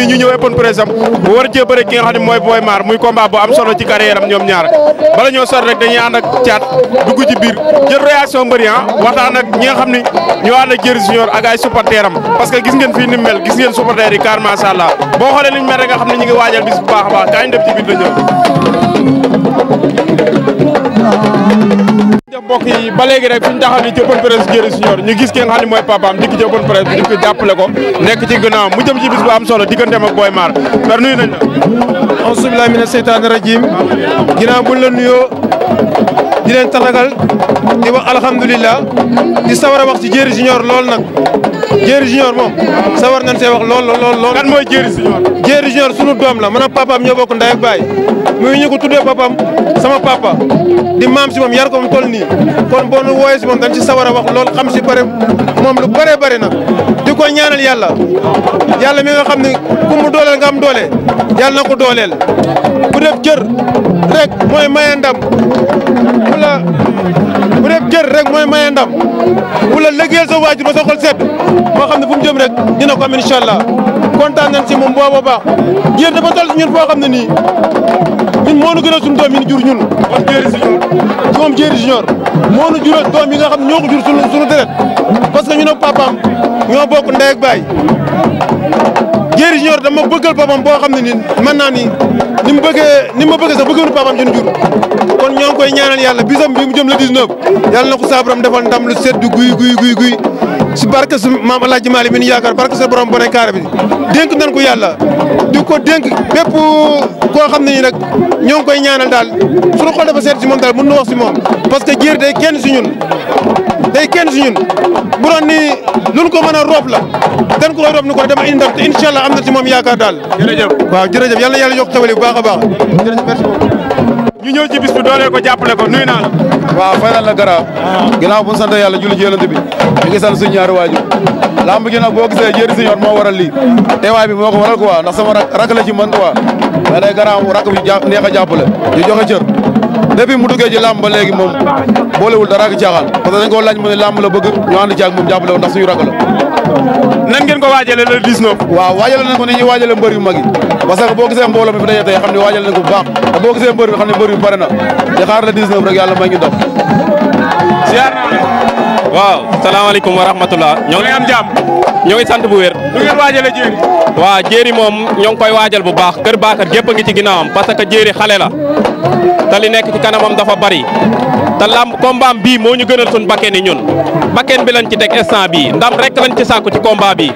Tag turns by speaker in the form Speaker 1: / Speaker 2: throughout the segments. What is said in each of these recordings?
Speaker 1: mi ñu ñëw open press am war a cee bëre ki mooy Boy Maar muy combat bu am solo ci carrière am ñoom ñaar bala ñoo sori rek dañuy ànd ak caat dugg ci biir jël réaction mbëri ah waxtaan ak xam ni ñoo ànd ak Jëri Junior ak ay supporter gis ngeen fii ni mel gis ngeen supporter yi car macha boo xoolee ni ñu xam ne ñu waajal bis baax baax gaa def ci biir la jërëjëf mbokk yi ba léegi rek fi ñu taxaw ni ci open presse Diéry Junior ñu gis ki nga xam ne mooy papaam dikk ci open di ko jàppale ko nekk ci gànnaawam mu jëm ci bis bu solo digganteem ak Boy Maar per nuyu nañ la auzu billaahi mina rajiim ginnaaw buñ la nuyoo di leen di wax alhamdulilah di sawar a wax ci Diéry Junior lool nag Jéeri Junior moom sa war nañ see wax lool lool lool. kan mooy Jéeri Junior. Jéeri Junior sunu doom la man ak papaam ñoo bokk ndey ak baay muy ñu ko tuddee papaam sama papa di maam si moom yar ko nii kon boo nu si moom dañ si sawar a wax lool xam si bare moom lu bëree bëri nag di ko ñaanal yàlla yàlla mi nga xam ne ku mu dooleel nga am doole yàlla na ko dooleel bu def jër rek mooy maye ndam wala bu def jër rek mooy maye ndam wala liggéeyal sa waajur ba sa xol set boo xam ne bu mu jëm rek dina na am incha allah kontaan nañ si moom boobu baax jéer dafa toll si ñun foo xam ne nii ñun moo nu gënal suñu doom yi ñu jur ñun wax jéeri si ñun moom jéeri doom yi nga xam ne ñoo ko jur suñu deret parce que ñun ak papaam ñoo bokk ndey ak baay jéeri junior dama bëggal papaam boo xam ne nii mën naa ni ni mu bëggee ni ma bëggee sax bëggoonu papaam jën jur kon ñoo ngi koy ñaanal yàlla bisam bi mu jëm le 19 yàlla na ko saabaram defal ndam lu sedd guy guy guy guy si barke su maam El Hadj Malick mi ñu yaakaar barke sa borom bone kaara bi dénk nañ ko yàlla di ko dénk bépp koo xam ne ni nag ñoo ngi koy ñaanal daal suñu xol dafa seet si moom daal mën na wax si moom. parce que jéer day kenn si ñun day kenn si ñun bu doon nii lu ko mën a roob la dañ ko roob ni ko dama indi ndam te incha am na si moom yaakaar daal. waaw jërëjëf yàlla na yokk xewal baax a baax. jërëjëf merci ñu ñëw ci bis bi dooleel ko jàppale ko nuy naa la. waaw fay la garaaw. ginnaaw bu ñu sant yàlla julli ci yonent bi ñu ngi sant suñu ñaari waajur. lamb gi nag boo gisee jëri si yoon moo waral lii teewaay bi moo ko waral quoi ndax sama rak la ci man quoi mais day garaaw rak bi neex a jàppale ñu joxe depuis mu duggee ci làmb ba léegi moom boolewul dara ak jaaxal parce que dañ koo laaj mu ne làmb la bëgg ñu ànd ci moom jàppale ko ndax suñu ragal la nan ngeen ko waajale le 19 waaw waajale nañ ko ni ñuy waajale mbër yu mag yi parce que boo gisee mbooloo mi fi daje tey xam ne waajale nañ ko bu baax boo gisee mbër bi xam ne mbër yu na di xaar le 19 rek yàlla may ñu def ziar naa waaw salaamaaleykum wa rahmatullah ñoo ngi am jàmm lu ngeen waajalee jéeri. moom ñoo ngi koy waajal bu baax kër Bakar gépp a ngi ci ginnaawam parce que jéeri xale la te li nekk ci kanamam dafa bari te lamb combat bii moo ñu gënal suñu bakkeen yi ñun bakeen bi lañ ci teg instant bii ndam rek lañ ci sàkku ci combat bi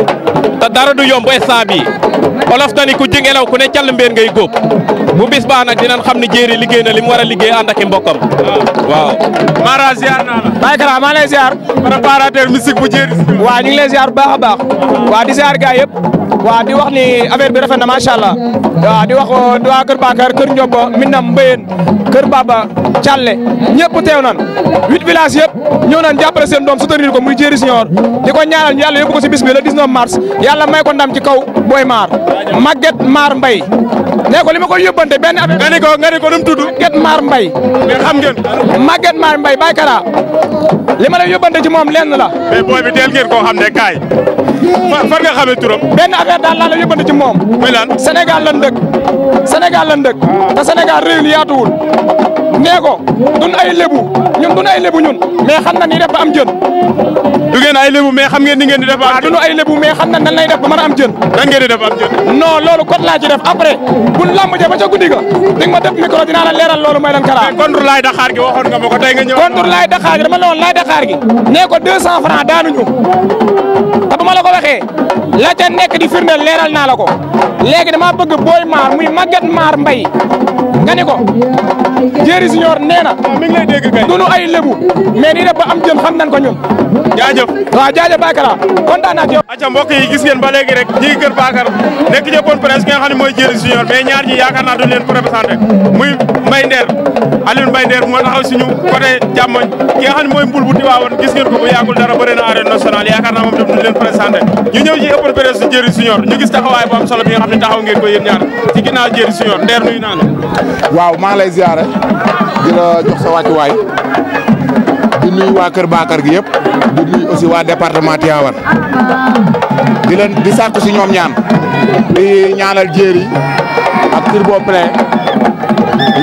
Speaker 1: te dara du yomb instant bii. olof dani ku jingelaw ku ne càll mbeen ngay góob bu bis baax nag dinañ xam ne liggéey na li mu war a liggéey ànd ak i mbokkam waaw Mara ziar naa la Baye Kara maa lay ziar préparateur musique bu jéeri waaw ñu ngi lay ziar bu baax a baax waaw di ziar gaay yëpp waaw di wax ni affaire bi rafet na macha allah waaw di wax waa Kër Bakar Kër Ndiobo Minam Mbéyeen Kër Baba Thialé ñëpp teew nan huit villages yëpp ñëw nan jàppale seen doom soutenir ko muy Jéeri Senior di ko ñaanal yàlla ko si bis bi le 19 mars yàlla may ko ndam ci kaw Boy Maar Maguette Maar Mbaye nee ko li ma koy yóbbante ko nga ni ko nu mu tudd Maguette Maar Mbaye mais xam ngeen Maguette Maar Kara li ma lay yóbbante ci moom lenn la mais booy bi teel ngeen koo xam ne kaay far nga xamee turam benn affaire daal laa la yóbbante ci moom muy lan Sénégal lan dëkk Sénégal lan dëkk te nee ko dun ay lébu ñun dun ay lébu ñun mais xam na ni def ba am jën. du ngeen ay lébu mais xam ngeen ni ngeen di def na nan lay def ba mën a am jën. nan ngeen di def am jën. non loolu code laa def après bu lamb ba ca guddi ga ma def micro dinaa leeral loolu mooy lan kala. mais contre laay daxaar gi ko tey nga ñëw. contre laay daxaar gi dama la woon laay daxaar gi. nee ko 200 francs daanuñu te bu ma la ko waxee la ca nekk di firndeel leeral naa la ko léegi dama bëgg booy maar muy màgget maar mbay nga ne ko Jéeri Siñoor nee na. Ah, mi ngi kay. du nu ay lébu mais ni ba am jëm xam nan ko ñun. jaajëf a jaajëf Bakara kontaan naa ci yow. acca mbokk yi gis ngeen ba rek ñi ngi kër Bakar nekk ci bonne presse ki nga xam ne mooy Jéeri Siñoor mais ñaar ñi yaakaar naa duñ leen représenté muy Mbaye Nder Alioune Mbaye Nder moo taxaw suñu côté jàmmoñ ki nga xam ne mooy mbul bu Tiwaawoon gis ko bu yàggul dara bëri na arène yaakaar naa moom tam duñ waaw maa ngi lay ziare jox sa wàccuwaay di nuyu waa Kër Bakar gi yëpp di nuyu aussi waa département Tivaouane di leen di sàkku si ñoom ñaan di ñaanal jéeri ak s'il vous plaît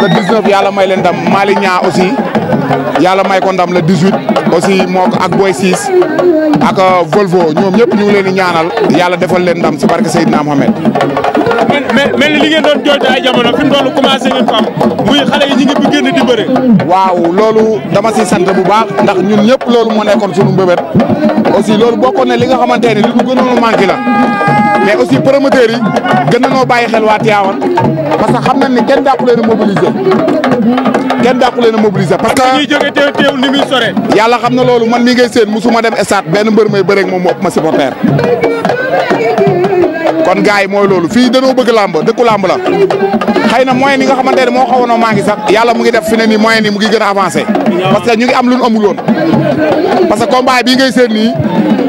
Speaker 1: le 19 yàlla may leen ndam Malick ñaa aussi. yàlla may ko ndam le 18 aussi moo ak Boy 6 ak euh, Volvo ñoom ñëpp ñu di ñaanal yàlla defal leen ndam si barke Seydina Mohamed. mais mel ni li ngeen doon jooytu ay jamono fi mu doon commencé muy xale yi ñu ngi bu génn di bëre. waaw loolu dama si sant bu baax ndax ñun ñëpp loolu moo nekkoon sunu mbébét aussi loolu boo ne li nga xamante ne li mu gënoon a manqué la mais aussi promoteurs yi gën na noo bàyyi xel waa Tivaouane parce que xam nañ ni kenn dàpp kenn dàqu leen a mobiliser parce que ñuy jóge teew ni muy sore yàlla xam na loolu man mi ngay seen musuma dem stade benn mbër may bëreeg moom moo ëpp ma supporter kon gars yi mooy loolu fii danoo bëgg làmb dëkku làmb la na moyen yi nga xamante ne moo xawoon maa ngi sax yàlla mu ngi def fi ne nii mu ngi gën a avancé parce que ñu ngi am lu ñu amul woon parce que combat bii ngay seen nii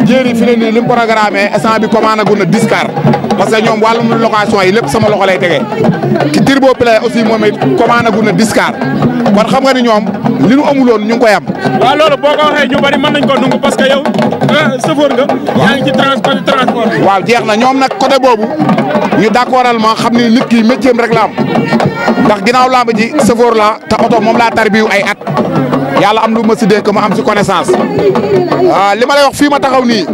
Speaker 1: jéeri fi ne nii li mu programmé instant bi commande gu na 10 parce que ñoom wàllum location yi lépp sama loxo lay tegee ci Turbo Play aussi moom it commande gu na discar kon xam nga ni ñoom li nu amuloon ñu ngi koy am. waaw loolu boo ko waxee ñu bari mën nañ ko nangu parce que yow ah, chauffeur nga. yaa ngi ci transport waaw jeex na ñoom nag côté boobu ñu d'accordal ma xam ni nit ki métier ndax ginnaaw lamb ji la te oto moom laa tarbiyu ay at. yàlla am lu ma si dee am si connaissance ah, li ma lay wax fii ma taxaw nii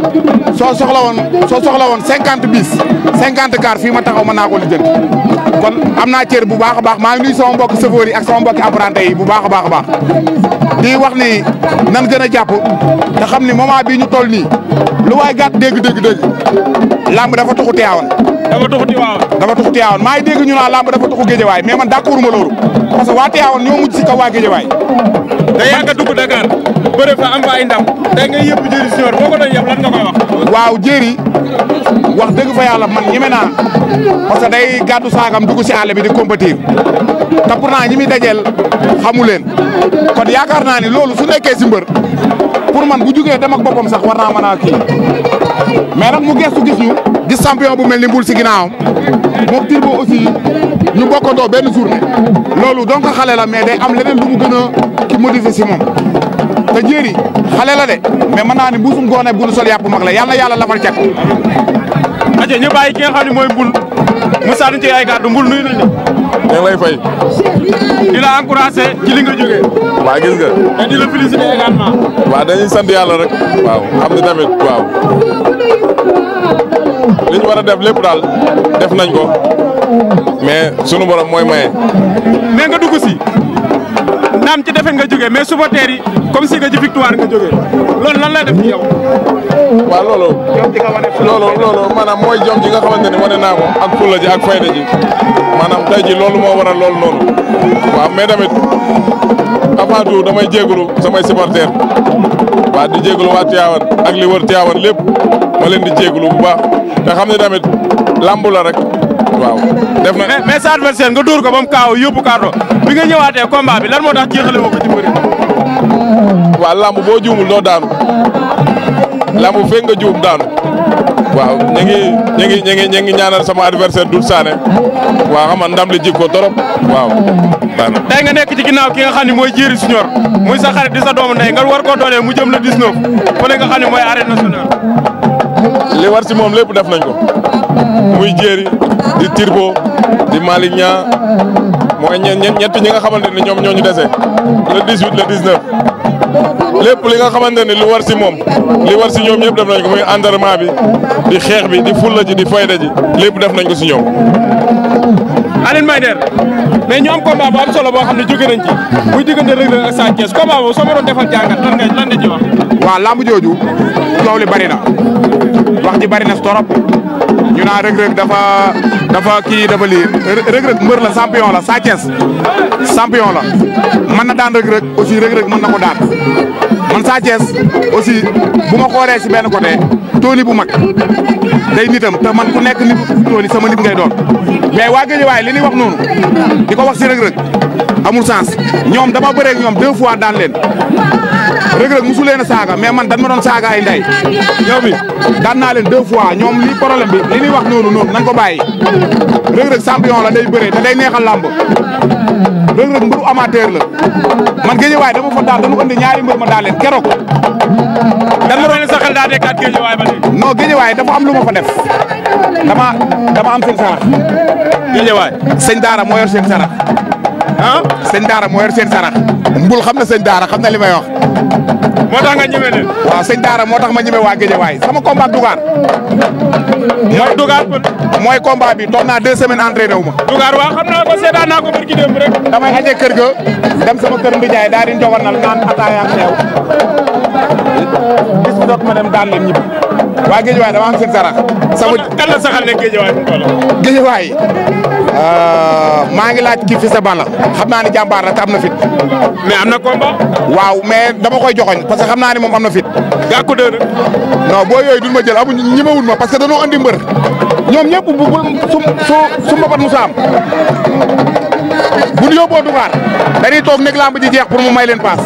Speaker 1: soo soxla cinquante car fii ma taxaw mën naa ko lijjanti kon am naa cër bu baax baax maa ngi nuyu sama mbokki chauffeur yi ak sama mbokki apprenti yi bu baax a baax a baax di wax ni nan gën a jàpp te xam ni moment bii ñu toll nii lu waay gàtt dégg dégg dégg làmb dafa tuxu teewoon dafa tuxu Tiwaawan dafa tuxu Tiwaawan maa ngi dégg ñu naan lamb dafa tuxu Géejawaay mais man d'accord ma loolu parce que waa Tiwaawan ñoo si kaw waa Géejawaay da yàgg a dugg Dakar bëre fa am ay ndam da ngay yëpp Jéeri Junior boo ko doon yëpp lan nga koy wax waaw Jéeri wax dëgg fa yàlla man ñeme naa parce que day gàddu saagam dugg si àll bi di compétir te pourtant ñi dajeel xamu kon yaakaar naa loolu su nekkee si pour man bu jugee dem ak boppam sax mu gestu gis ñu di bu mel ni mbul si ginnaawam moom Turbo aussi ñu bokkandoo benn journée loolu donc xale la mais am leneen lu mu gën a ki modifié si moom te jéeri xale la de mais mën naa ne mbuusum bu nu sol yàpp mag la yàlla yàlla lafal cet ajo ñu bàyyi ki nga xam ne mooy mbul Moussa duñ ci ay kàddu mbul nuyu nañ ñu ngi lay fay. di la encouragé ci li waa gis nga. te di la félicité également. waaw dañuy sant yàlla rek. waaw xam ni tamit waaw. li ñu war a def lépp daal def nañ ko mais sunu borom mooy maye. mais nga dugg si. naam ci defet nga jógee mais supporters yi comme si nga ci victoire nga jógee loolu lan la def ci yow. waaw loolu. jom ji nga wane loolu loolu mooy jom ji nga xamante ne wane naa ko ak fulla ji ak fayda ji maanaam ji loolu moo waral loolu noonu waaw mais tamit avant tout damay jégalu samay supporters waaw di jégalu waa Thiawane ak li wër Thiawane lépp ma di jégalu bu baax te xam ne tamit lamb rek. waaw def na eh, mais sa adversaire nga dóor ko ba mu kaaw yóbbu carton bi nga ñëwaatee combat bi lan moo tax jeexale woo ko ci mbëri waaw lamb boo juumul doo daanu lamb fekk nga juum daanu waaw ñu ngi ñu ngi ñu ngi ñu sama adversaire Doudou Sané waaw xam nga ndam li ko torop waaw tey nga nekk ci ginnaaw ki nga xam ne mooy Diery Junior muy sa xarit di sa doomu ndey nga war koo doonee mu jëm le 19 ku ne nga xam ne mooy arène nationale li war si moom lépp def nañ ko muy jéeri di Tirbo di Malick Niang mooy ñett ñi nga xamante ni ñoom ñoo ñu dese le 18 le 19. lépp li nga xamante lu war si moom li war si ñoom ñëpp def nañ ko muy entraînement bi di xeex bi di fulla ji di fayda lépp def nañ ko si ñoom. Aline Mayder mais ñu am combat bu am solo boo xam ne jóge nañ ci muy diggante Reug a ak Sa Thiès combat boobu soo ma doon defal jàngat nga lan nga ci wax. waaw lamb jooju coow li bari na wax ji bari na torop ñu naan Reug Reug dafa kii dafa lii Reug Reug mbër la champion la Sa Thiès la mën na daan Reug Reug aussi Reug Reug mën na ko daan man Sa Thiès aussi bu ma xoolee si benn côté tooni bu mag day nitam te man ku nekk nit tooni sama nit ngay doon mais waa Guédiawaye li ñuy wax noonu di ko wax si Reug Reug amul ñoom dama bëreeg ñoom deux fois daan leen Reug Reug saaga mais man dan ma doon saaga ay ndey ñoom it daan naa leen deux fois ñoom li problème li ñuy wax noonu noonu nañ ko bàyyi Reug Reug champion la day bëree te day neexal làmb Reug Reug mbëru amateur la man Guédiawaye dama fa daal dama andi ñaari mbër ma daal leen keroog dan la doon sa xel daa nekkaat Guédiawaye ba léegi non Guédiawaye dafa am lu ma fa def dama dama am seen sarax Guédiawaye sëñ Daara moo yor seen sarax ah sëñ Daara moo yor seen sarax mbul xam na sëñ Daara xam na li may wax. moo tax nga ñeme leen. waaw sëñ moo tax ma ñeme waa Guédiawaye sama combat Dugar. mooy Dugar kon. mooy combat bi toog naa deux semaines entraîné wu ma. Dugar waaw xam naa ko seetaan naa ko barki démb rek. damay aje kër ga dem sama kër Ndiaye daal di njogonal naan ataaya ak teew bis bu doot ma dem daan leen ñibbi. waa Guédiawaye dama am seen sarax. sama kan la saxal ne Guédiawaye bu mu toll. Guédiawaye. Euh, maa ngi laaj kii fi sa Balla xam naa ne jàmbaar la te am na fit. mais am na combat. waaw mais dama koy joxoñ parce que xam naa ne moom am na fit. gàkku dëgg non boo yooyu duñ ma jël amuñ ñemewuñ ma parce que dañoo andi mbër ñoom ñëpp bu su su su mbapat Moussa am bu ñu yóbboo Dukaar dañuy toog nekk lamb ji jeex pour mu may leen paas.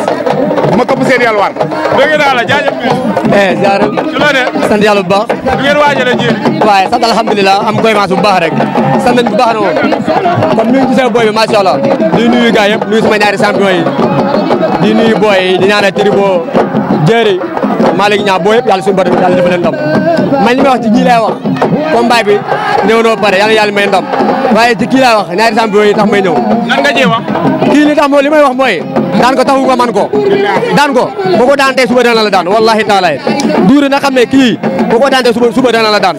Speaker 1: ba ma këpp seen yàlla waar. dégg naa la jaajëf bi. Eh, ziare.
Speaker 2: ci loo bu baax. du ngeen waajalee ji. waaye sant alhamdulilah am goymaas bu baax rek. sant nañ bu baax na moom. comme ni ñu gisee booy bi ma allah. di nuyu gars yëpp nuyu sama ñaari champion yi. di nuyu booy yi di ñaanal Tribo Jerry Malick ñaa booy yëpp yàlla suñu borom yàlla defal leen ndam. man li may wax ci ñii lay wax. combat bi néew noo pare yàlla yàlla may ndam. waaye ci kii wax ñaari champion yi tax may ñëw. nan a. kii wax mooy daan ko taxu nga man ko daan ko boo ko daan tey suba dana la daan wallahi taala duuri na xam ne kii boo ko daan tey suba suba dana la daan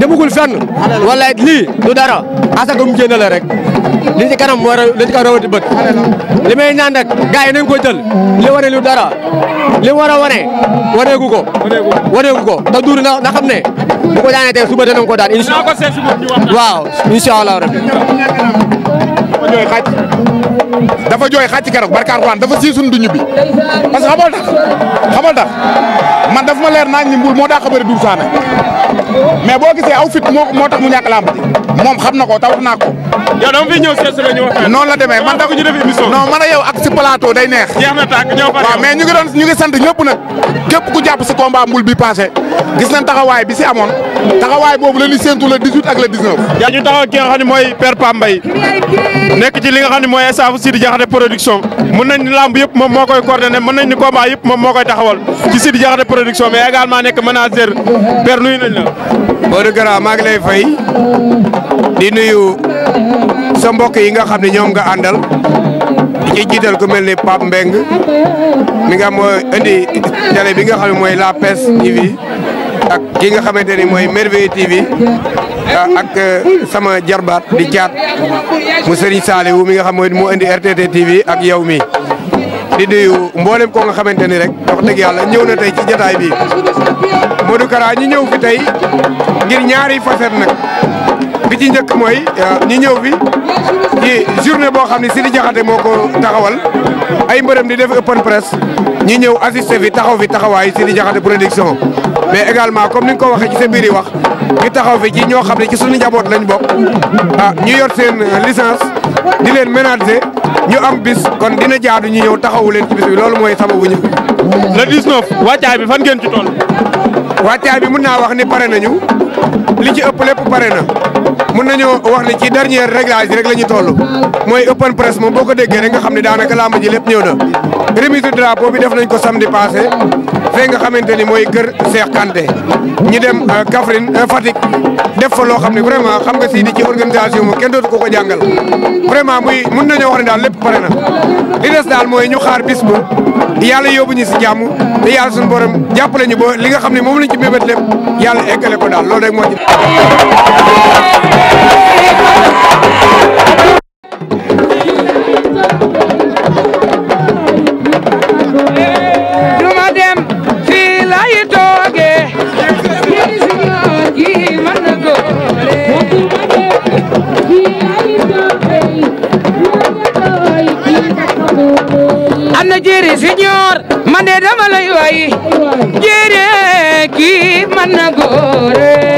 Speaker 2: demugul fenn wallahi lii du dara asaka mu génn la rek li ci kanam war a li ci kanam rawati bët li may ñaan rek gars yi nañ ko jël li wane lu dara li war a wane waneegu ko waneegu ko te duuri na na xam ne bu ko daanee tey suba danañ ko daan incha waaw
Speaker 1: incha allah rabbi jooy xàcc dafa jooy xàcc keroog barka Alxuraan dafa siisun du ñibbi parce que xamal tax xamal tax man daf ma leer naa ñi mbul moo daa xabari Doudou Sané boo gisee aw fit moo tax mu ñàkk làmb moom xam na ko taw naa ko. yow la noonu la demee man da ko ñu def émission non man ak yow ak si plateau day neex. waaw mais ñu ngi doon ñu ngi sant ñëpp nag képp ku jàpp si combat mbul bi passé gis nañ taxawaay bi si amoon taxawaay boobu la ñuy séntu le 18 ak le 19. yaa ñu taxaw ki nga xam ne mooy Père Pam Mbaye nekk ci li nga xam ne mooy staff Sidi Diakhaté production mën nañ ni làmb yëpp moom moo koy coordonné mën nañ ni combat yëpp moom moo koy taxawal ci Sidi Diakhaté production mais également nekk manager Père nuyu nañ la. Modou Gara maa ngi lay fay
Speaker 2: di nuyu sa mbokk yi nga xam ne ñoom nga àndal. ci jiital ku mel ni Pape Mbeng mi nga mooy indi télé bi nga xam ne mooy La Peste ak ki nga xamante ni mooy Merveille TV ah, ak euh, sama jarbaat di caat mu Serigne Saliou mi nga xam mooy moo indi RTT TV ak yow mi di nuyu mboolem koo nga xamante ni rek wax dëgg yàlla ñëw na tey ci jataay bi Modou Kara ñi ñëw fi tey ngir ñaari facette nag bi ci njëkk mooy euh, ñi ñëw fi ci journée boo xam ne Sidi Diakhaté moo ko taxawal ay mbërëm di def open press ñi ñëw assisté fi taxaw fi taxawaayu Sidi Diakhaté production mais également comme ni ko waxee ci sa wax ñu taxaw fi ci ñoo xam ne ci suñu njaboot lañ bokk ah ñu yor seen licence di leen ménager ñu am bis kon dina jaadu ñu ñëw taxawu leen bis loolu mooy sababu ñu. le 19 wàccaay bi fan ngeen ci toll. wàccaay bi mun naa wax ni pare nañu li ci ëpp lépp pare na mun nañoo wax ne ci dernier réglage rek la ñu mooy open press moom boo ko déggee nga xam ne daanaka làmb ji lépp ñëw na remise du drapeau fee nga xamante ni mooy kër Cheikh Kanté ñi dem euh, Kaffrine euh, Fatick def fa loo xam ne vraiment xam nga si ci organisation moom kenn dootu ko ko jàngal vraiment muy mun nañoo wax daal lépp pare na li des daal mooy ñu xaar bis ba yàlla yóbbu si jàmm te yàlla suñu borom jàppale ñu ba li nga xam ne moom lañ ci mébét lépp yàlla eggale ko daal loolu rek moo ci.
Speaker 3: Sidi Junior man de dama lay way jere man na gore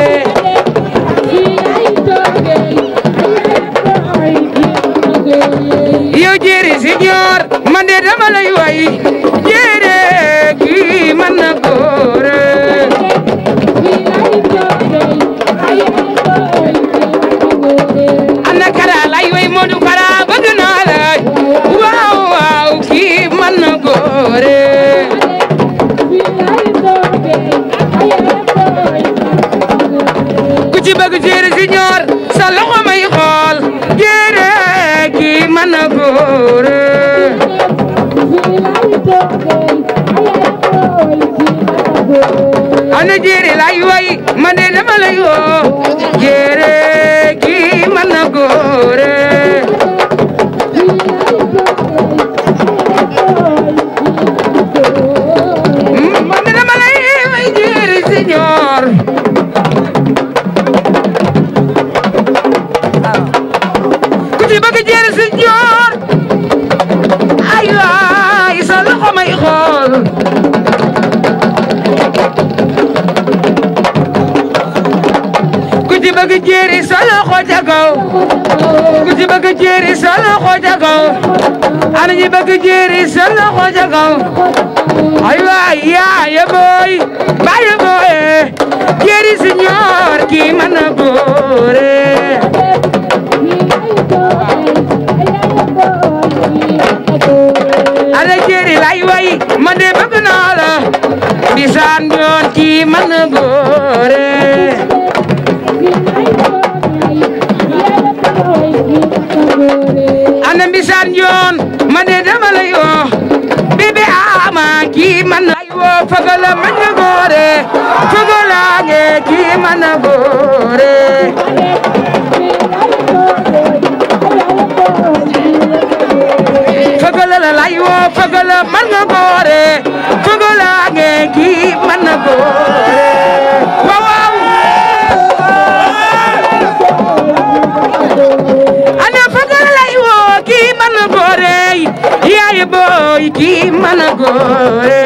Speaker 3: bëgg jéeri sa loxo ca kaw ana ñi bëgg jéeri sa loxo ca kaw ay waay yaa ya booy ba ya booy jéeri si ñor ki mën a boore ana jéeri lay way man de bëgg naa la di saan ñor ki mën a boore ana mbisaan yoon ma de dama lay woo bébé kii man lay woo fagala man na góore fagala nge kii man na góore mana gore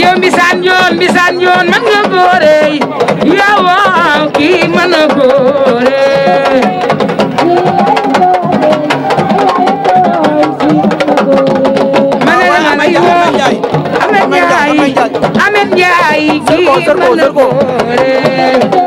Speaker 3: yo mbisaan yoon mbisaan yoon man nga gore yo waaw kii mana gore Amen Njaay kii mana gore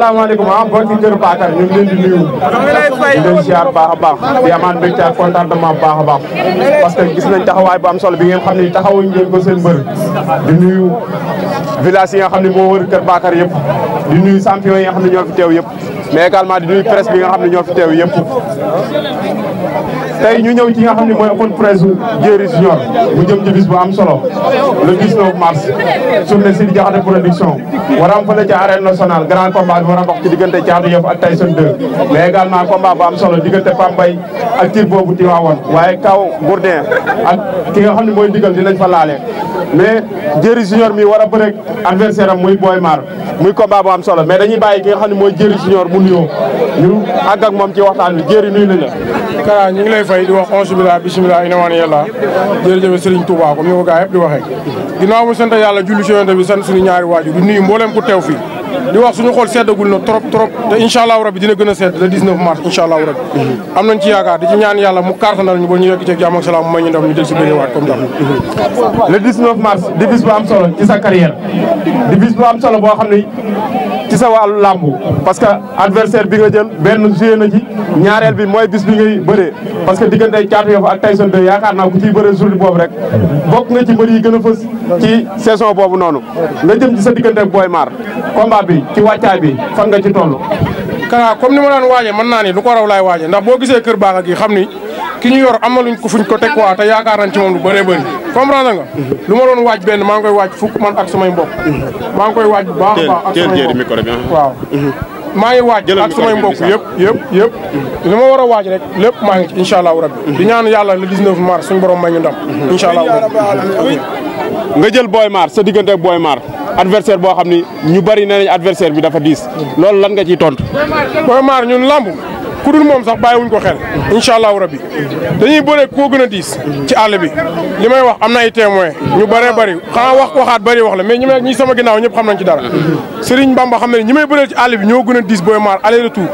Speaker 1: salaamaaleykum ah mbokki kër Bakar ñu ngi leen di nuyu di leen ziar baax a baax di amaat mbégte ak contentement baax a baax parce que gis nañ taxawaay bu am solo bi ngeen xam ne taxawuñ ngeen ko seen mbër di nuyu village yi nga xam ne moo wër kër Bakar yëpp di nuyu champion yi nga xam ne ñoo fi teew yëpp mais également di nuyu presse bi nga xam ne ñoo fi teew yëpp tey ñu ñëw ci nga xam ne mooy open presse Diéry Junior bu jëm ci bis bu am solo le 19 mars sur le site Diakhaté production war am fële ca arène nationale grand combat bi war a dox ci diggante Caatu Yoff ak Tyson 2 mais également combat bu am solo diggante Pambay ak tir boobu Tiwaawoon waaye kaw Bourdin ki nga mooy digal dinañ fa laale mais Jéri Junior mi war a bëre ak adversaire am muy Boy Maar muy combat bu am solo mais dañuy bàyyi ki nga ne mooy Jéri Junior mu nuyoo ñu àgg ak moom ci waxtaan bi Jéri nuyu nañ la. Kara ñu ngi lay fay di wax onze billah bisimilah ina waan yàlla jërëjëf Serigne Touba comme ni ko gaa yëpp di waxee. ginnaaw mu sant yàlla julli ci yonent bi sant suñu ñaari waajur di nuyu mboolem ku teew fii. di wax suñu xool seddagul na trop trop te incha allahu rabi dina gën a sedd le 19 mars incha allahu rabi am nañ ci yaakaar di ci ñaan yàlla mu kartanal ñu ba ñu yegg ci jàmm salaam may ñu ndam ñu jël si benn le 19 mars di bis bu am solo ci sa di bis bu am solo boo xam ne ci sa wàllu parce que adversaire bi nga jël benn joué na ci ñaareel bi mooy bis bi ngay bëree parce que diggante Caatu Yoff ak Tyson 2 yaakaar naa ku ciy bëree journée boobu rek a fës ci boobu noonu la jëm ci sa diggante ak Boy combat bi ci wàccaay bi fan nga ci toll. Kara comme ni ma daan waajee mën naa ni lu ko raw laay ndax boo gisee kër baax gi xam ni ki ñu yor am fuñ ko teg quoi te yaakaar nañ ci moom lu bëree bëri. comprendre nga. lu ma waaj benn maa koy waaj fukk man ak samay mbokk. Mhm. maa koy waaj bu baax a baax ak samay mbokk ah. waaw. Mhm. maa ngi waaj ak samay mbokk yëpp yëpp yëpp li ma war a waaj rek lépp maa ngi ci incha allahu di ñaan yàlla la 19 mars suñu borom may ñu ndam incha nga jël booy Maar sa diggante ak Boy Maar boo xam ni ñu bari nee nañ adversaire bi dafa diis loolu lan nga ciy tont Boy Maar ñun lamb ku dul moom sax bàyyiwuñ ko xel incha allahu dañuy bëre koo gën a diis ci àll bi li may wax am na ay témoin ñu bëree bëri xanaa wax waxaat bëri wax la mais ñi may ñi sama ginnaaw ñëpp xam nañ ci dara Serigne Bamba xam ne ñi may bëree ci àll bi ñoo gën a diis booy maar aller retour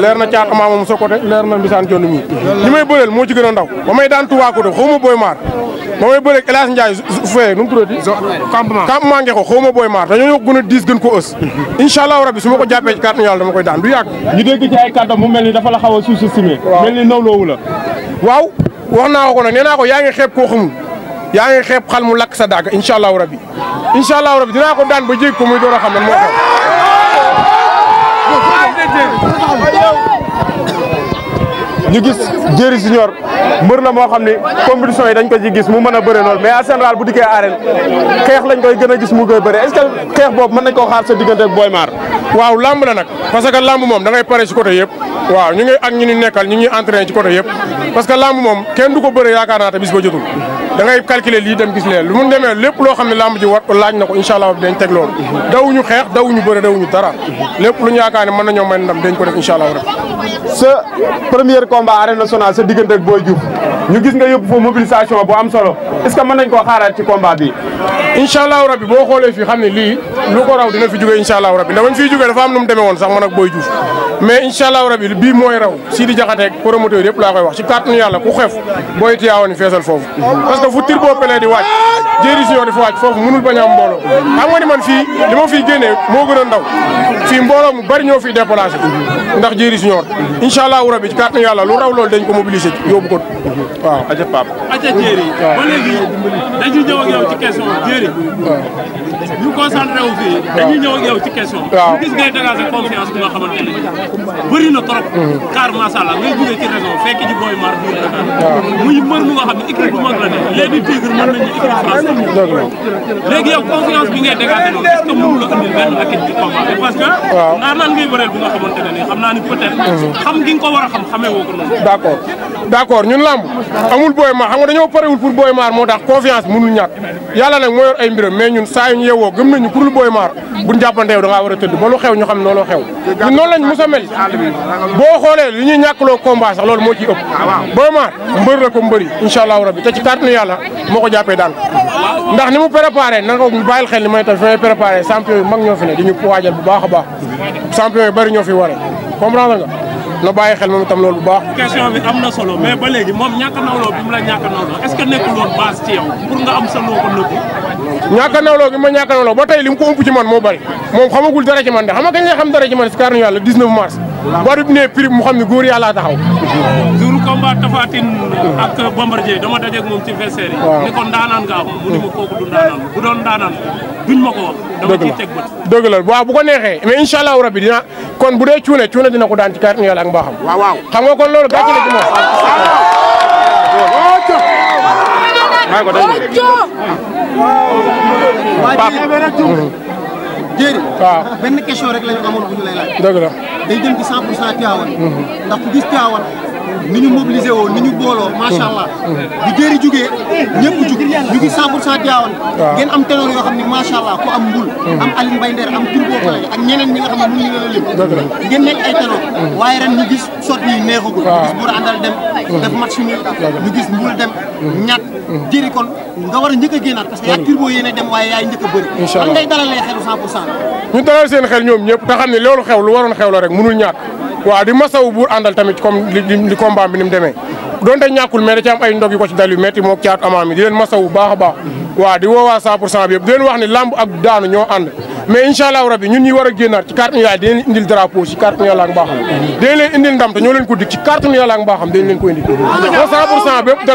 Speaker 1: leer na caat amaa moom sa côté leer na mbisaan jonn mii ñi may bëreel moo ci gën a ndaw ba may daan tubaa ko booy maar ba may bëreeg El Hadj Ndiaye a diis gën ko dafa la xaw a sous waaw mel ni nawloowu la. waaw wax naa ko nag nee naa ko yaa ngi xeeb koo xamul yaa ngi xeeb xal mu lakk sa dàgg incha allahu rabi incha allahu rabi dinaa ko daan ba jég ko muy door xam lan moo xew. ñu gis Jéeri Junior mbër la moo xam ni compétition yi dañ ko ci gis mu mën a bëre lool mais en général bu dikkee arène xeex lañ koy gën a gis mu koy bëre est ce que xeex boobu mën nañ koo xaar sa diggante ak Boy Maar waaw lamb la nag parce que lamb moom da pare si côté yëpp waaw ñu ngi ak ñu ni nekkal ñu ngi entraîné ci côté yëpp parce que lamb moom kenn du ko bëre yaakaar naa te bis ba jotul dangay ngay lii dem gis leen lu mu demee lépp loo xam ne lamb ji war laaj na ko incha allah dañ teg loolu dawuñu xeex dawuñu bëre dawuñu dara lépp lu ñu yaakaar ne mën nañoo may ndam dañ ko def incha allah rek sa premier combat arène nationale sa diggante ak Boy ñu gis nga yóbbu foofu mobilisation bu am solo est-ce que mën nañ koo xaaraat ci combat bi rabi boo xoolee fii xam ne lii lu ko raw dina fi jógee incha allahu rabi ndax bañ fiy jógee dafa am nu mu woon sax man ak Boy Diouf mais incha rabi bii mooy raw Sidi Diakhaté ak promoteur yëpp laa koy wax ci kàttanu yàlla ku xef booy tiyaawoon ni foofu parce que fu tir boo pelee di wàcc jéeri siñoo di fa wàcc foofu mënul bañ a am fii li a ndax jéeri siñoor incha allahu rabi ci kàttanu yàlla lu raw loolu dañ ko mobiliser yóbbu ko waaw aja Pape. Jéeri ba léegi
Speaker 3: dañu ñëw ak yow ci question Jéeri. ñu concentré wu fii. dañu ñëw ak yow
Speaker 1: ci question. waaw gis ngay dégager confiance bu nga
Speaker 3: xamante ne
Speaker 4: bëri na trop. Mm-hmm.
Speaker 1: car macha allah ngay jógee ci région fekk ji booy mar biir
Speaker 4: Dakar.
Speaker 1: muy mër mu nga xam ne bu mag la ne léegi Tigre mën nañu équipe français. léegi yow bi ngay dégager noonu est ce que mënu la indi benn ak ci combat bi naan ngay bëreel bu nga xamante ne nii xam naa ni peut être. Mm-hmm. xam gi nga ko amul Boy Maar xam nga dañoo parewul pour Boy Maar moo tax confiance mënul ñàkk yàlla nag moo yor ay mbiram mais ñun saa yu ñu yewoo gëm nañu pour lu Maar buñ jàppante yow da ngaa war a tëdd ba lu xew ñu xam noonu xew ñun noonu lañ mos a mel boo xoolee li ñuy ñàkkloo combat sax moo ciy ëpp Boy Maar mbër la ko mbëri incha allahu rabbi te ci kàttanu yàlla moo ko jàppee daan ndax ni mu préparé na ko bàyyil xel ni may tax fi may préparé champion ñoo fi bu baax baax champion yu bëri ñoo fi ware comprendre nga na bàyyi xel moom itam loolu bu baax. question bi am na solo mais ba léegi moom ñàkk nawloo bi mu la ñàkk nawloo est-ce que nekkul ci yow pour nga am sa loo ko nëbbu. ñàkk nawloo gi ma ba tey li mu ko ëmp man moo bari moom xamagul dara ci man de xam nga kañ xam dara ci man si kàddu yàlla 19 mars boo dut nee prix mu xam ne góor yàlla taxaw. jour combat Tapha Tine ak Bombardier dama dajeeg moom ci vestiaire yi. waaw ni ko ndaanaan mu ni ma kooku du ndaanaan bu doon ndaanaan duñ ma ko wax. dama ciy teg bët allahu rabi dina kon bu dee cuune cuune dina ko daan ci kàttan yàlla ak mbaaxam. waaw waaw xam kon loolu gàcce la ci moom.
Speaker 4: waaw waaw jéeri waaw benn question rek la ñu amoon bu ñu lay day jëm ci 100 pour cent Tivaouane. Mhm. ndax ku gis Tivaouane ni ñu mobilisé ni ñu booloo macha allah. bu jéeri jugee ñëpp jug ñu ngi 100 pour cent Tivaouane. ngeen am ténor yoo xam ne macha allah ku am mbul. am Alioune Mbaye Nder am Turbo Kalaye ak ñeneen ñi nga xam ne mënuñu leen a lim. dëgg la ngeen nekk ay ténor. Mm. waaye ren ñu gis sotti yi neexagul. waaw ñu gis Bour Andal dem. Mm. def match ni ñu gis mbul dem. Mm. ñàkk jéeri kon nga war a njëkk a génnaat parce que yaa Turbo yéene dem waaye yaay njëkk a bëri. incha allah ngay dalalee xelu 100 pour cent. ñëpp nga xam ne xew lu waroon xew la rek mënul
Speaker 1: ñàkk waaw di masawu buur àndal tamit comme li combat bi ni mu demee donte ñàkkul mais da ci am ay ndog yu ko ci dal yu métti moo caatu amaa di leen masawu baax a baax waaw di woowaa 100 pour cent di leen wax ne lamb ak daanu ñoo ànd mais incha allahu rabi ñun ñi war a génnaat ci kàttanu yaay dinañ indil drapeau ci kàttanu yàlla ak mbaaxam dinañ leen indil ndam te ñoo leen ko dig ci kàttanu yàlla ak mbaaxam dinañ leen ko indil ba 100 pour bépp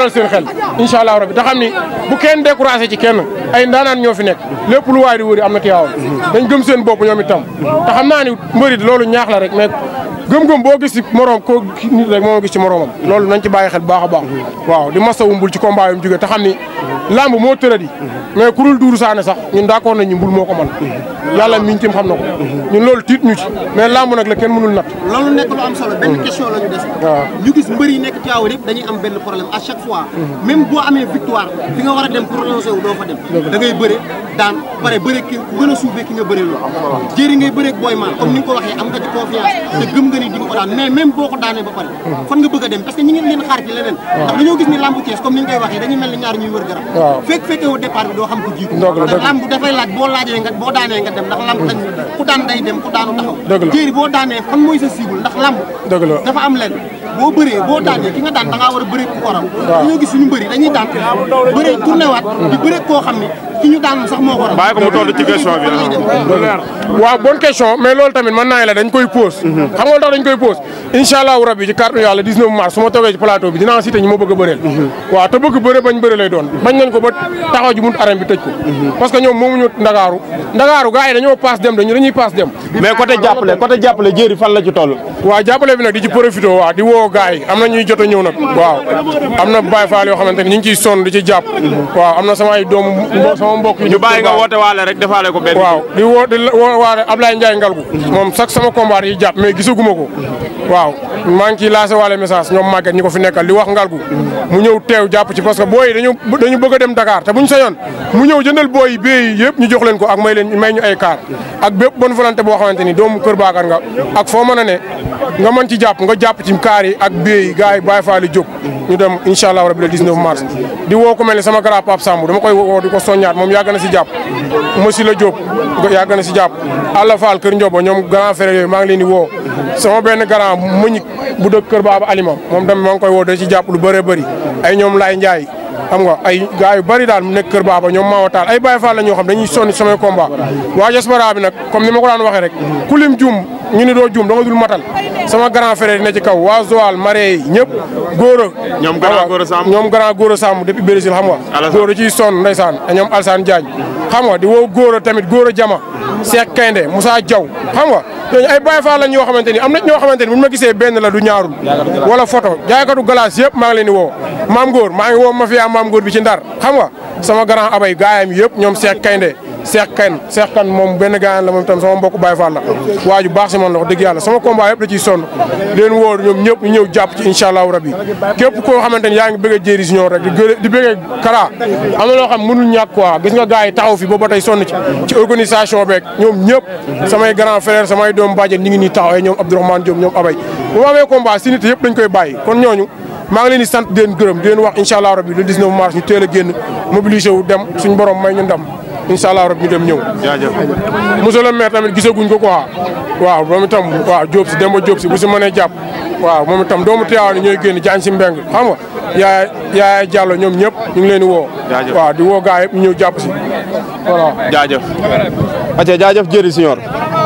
Speaker 1: dalal ñoo fi nekk lépp lu waay di am na teewaaw dañ gëm seen bopp ñoom itam te xam naa ni loolu ñaax la rek mais gëm-gëm boo gis ci moroom ko nit rek moo gis ci moroomam loolu nañ ci bàyyi xel baax a baax waaw di masa wu ci combat yu te xam ni lamb moo tëradi mais kurul duuru saane sax ñun d'accord ñu mbul moo ko man yàlla miñ tim xam na ko ñun loolu tiit ñu ci mais lamb nag la kenn mënul nat
Speaker 4: loolu nekk lu am solo benn hmm. question la des ñu gis mbër nekk Tivaouane yëpp dañuy am benn problème à chaque fois hmm. même boo amee victoire fi nga war a dem prononcé wu doo da ngay bëre daan pare bëre ki a suufee ki nga bëre nga ni ko daan mais même boo ko daanee ba pare fan nga bëgg dem parce que ñi ngi leen xaar ci leneen ndax dañoo gis ni lamb Thiès comme ni nga waxee dañuy mel ni ñaar ñuy wër garab fekk fekkee au départ bi doo xam ko jiitu ndax lamb dafay laaj boo laajee nga dem ndax lamb dañ ku daan day dem ku daanu taxaw jéeri boo dafa am lenn boo bëree boo daanee ki nga daan da war a bëree ko raw dañoo gis suñu mbëri dañuy daan bëree tourné di bëree ki ñu daan ko bàyyi ko mu ci question
Speaker 1: bi waaw bonne question mais loolu tamit mën naa la dañ koy pose mhm. xam tax dañ koy pose incha allahu rabbi ci kàttu yàlla 19 mars su ma toogee ci plateau bi dinaa cité ma bëgg bëreel mhm. waaw te bëgg bëre bañ bëre doon bañ nañ ko ba taxaw ji buntu arène tëj ko mhm. parce que ñoom moomuñu ndagaaru ndagaaru gars dañoo paas dem dañu dañuy paas dem mais côté jàppale côté jàppale jéeri fan la ci toll waaw jàppale moom mbokk yi ñu bàyyi nga woote waale rek defaale ko benn waaw di woo di waale Ablaye Ndiaye Ngalgu moom sax sama combat yi jàpp mais gisaguma ko waaw maa ngi waale message ñoom màgget ñi ko fi nekkal di wax Ngalgu mu ñëw teew jàpp ci parce que booy dañu dañu a dem Dakar te buñ sañoon mu ñëw jëndal booy béy yëpp ñu jox ko ak may leen ay kaar ak bépp bonne volonté boo xamante ni doomu kër baakar nga ak foo a nga mën ci jàpp nga jàpp ci kaar moom yàgg na si jàpp Moussi la Diop yàgg na si jàpp Alla Fall Kër Ndiobo ñoom grand frère yooyu maa ngi leen sama benn grand mëñik bu dëkk Kër Baaba Alima moom tamit maa ngi koy woo da si jàpp lu bëree bëri ay ñoom Laay Njaay xam nga ay gars yu bëri daal nekk Kër Baaba ñoom Maawa Taal ay Baye Fall la ñoo xam dañuy sonni samay combat waa diaspora bi nag comme ni ma ko rek ku lim ñu ni doo juum da nga dul matal sama grand frère na ci kaw waa Joal Maré yi ñëpp góor a ñoom grand góor a Samb depuis xam nga góor a ciy sonn ndeysaan ak ñoom Alsaan Diagne xam nga di woo góor a tamit góor a jama Seck Kaynde Moussa Diaw xam nga ñooñu ay Baye Fall lañ ñoo xamante ni am na ñoo xamante ni buñ ma gisee benn la du ñaarul wala photo jaaykatu glace yëpp maa ngi leen di woo maam góor maa ngi woo mafia maam góor bi ci ndar xam nga sama grand abay gaayam yëpp ñoom Seck Kaynde Cheikh Kane Cheikh Kane moom benn gaañaan la moom itam sama mbokku Baye Fall la baax si man la wax dëgg yàlla sama combat yëpp la ciy sonn leen wóor ñoom ñëpp ñu ñëw jàpp ci incha allahu rabi képp koo xamante ne yaa ngi bëgg a jéeri si ñoom rek di bëgg a kara am na loo xam mënul ñàkk quoi gis nga gars taxaw fi ba ba tey sonn ci ci organisation ñoom ñëpp samay grand frère samay doom bàjjen ñi ngi nii taxaw ay ñoom Abdourahmane Diop ñoom Abay bu ma amee combat si yëpp dañ koy bàyyi kon ñooñu maa ngi leen di sant di leen gërëm di allah rabi le 19 mars ñu teel a génn mobilisé wu dem suñu borom may ñu ndam incha allah rab ñu dem ñëw. jaajëf monsieur le maire tamit gisaguñ ko quoi waaw moom itam waaw Diop si Demba Diop si bu si mënee jàpp waaw moom itam doomu Tiwaawan ñooy génn jaañ si mbeng xam nga yaay yaay Diallo ñoom ñëpp ñu ngi leen di woo. jaajëf waaw di woo gaa yëpp ñu ñëw jàpp si voilà. jaajëf. acca jaajëf jëri siñoor